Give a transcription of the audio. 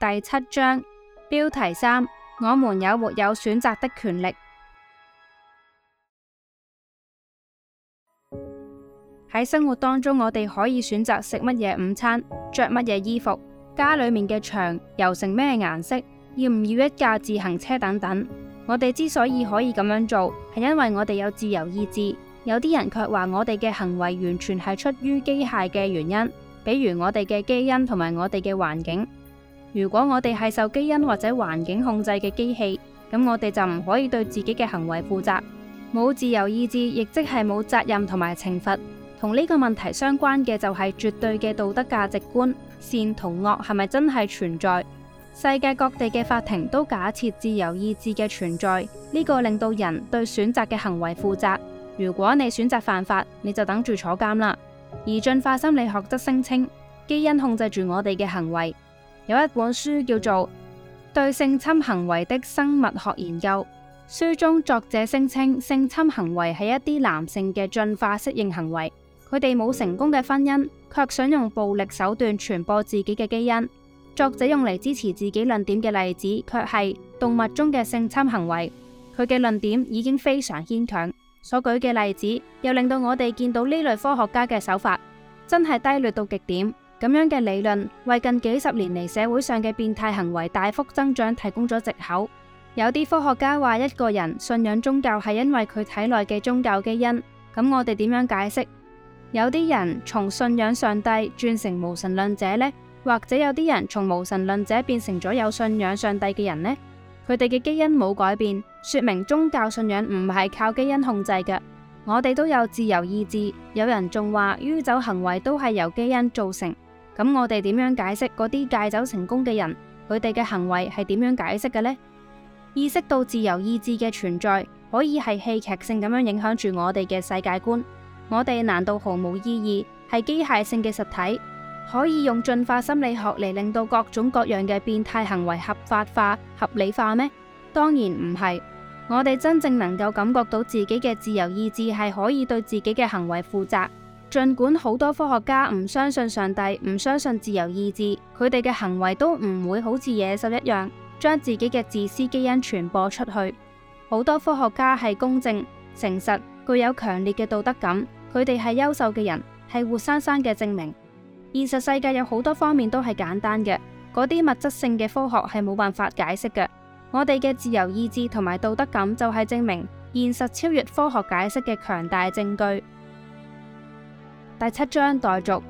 第七章標題三：我們有沒有選擇的權力？喺生活當中，我哋可以選擇食乜嘢午餐，着乜嘢衣服，家裏面嘅牆油成咩顏色，要唔要一架自行車等等。我哋之所以可以咁樣做，係因為我哋有自由意志。有啲人卻話，我哋嘅行為完全係出於機械嘅原因，比如我哋嘅基因同埋我哋嘅環境。如果我哋係受基因或者環境控制嘅機器，咁我哋就唔可以對自己嘅行為負責，冇自由意志，亦即係冇責任同埋懲罰。同呢個問題相關嘅就係絕對嘅道德價值觀，善同惡係咪真係存在？世界各地嘅法庭都假設自由意志嘅存在，呢個令到人對選擇嘅行為負責。如果你選擇犯法，你就等住坐監啦。而進化心理學則聲稱基因控制住我哋嘅行為。有一本書叫做《對性侵行為的生物學研究》，書中作者聲稱性侵行為係一啲男性嘅進化適應行為，佢哋冇成功嘅婚姻，卻想用暴力手段傳播自己嘅基因。作者用嚟支持自己論點嘅例子，卻係動物中嘅性侵行為。佢嘅論點已經非常牽強，所舉嘅例子又令到我哋見到呢類科學家嘅手法真係低劣到極點。咁樣嘅理論為近幾十年嚟社會上嘅變態行為大幅增長提供咗藉口。有啲科學家話，一個人信仰宗教係因為佢體內嘅宗教基因。咁我哋點樣解釋？有啲人從信仰上帝轉成無神論者呢？或者有啲人從無神論者變成咗有信仰上帝嘅人呢？佢哋嘅基因冇改變，說明宗教信仰唔係靠基因控制嘅。我哋都有自由意志。有人仲話酗酒行為都係由基因造成。咁我哋點樣解釋嗰啲戒酒成功嘅人？佢哋嘅行為係點樣解釋嘅呢？意識到自由意志嘅存在，可以係戲劇性咁樣影響住我哋嘅世界觀。我哋難道毫無意義，係機械性嘅實體，可以用進化心理學嚟令到各種各樣嘅變態行為合法化、合理化咩？當然唔係。我哋真正能夠感覺到自己嘅自由意志係可以對自己嘅行為負責。儘管好多科學家唔相信上帝，唔相信自由意志，佢哋嘅行為都唔會好似野獸一樣將自己嘅自私基因傳播出去。好多科學家係公正、誠實，具有強烈嘅道德感，佢哋係優秀嘅人，係活生生嘅證明。現實世界有好多方面都係簡單嘅，嗰啲物質性嘅科學係冇辦法解釋嘅。我哋嘅自由意志同埋道德感就係證明現實超越科學解釋嘅強大證據。第七章，待續。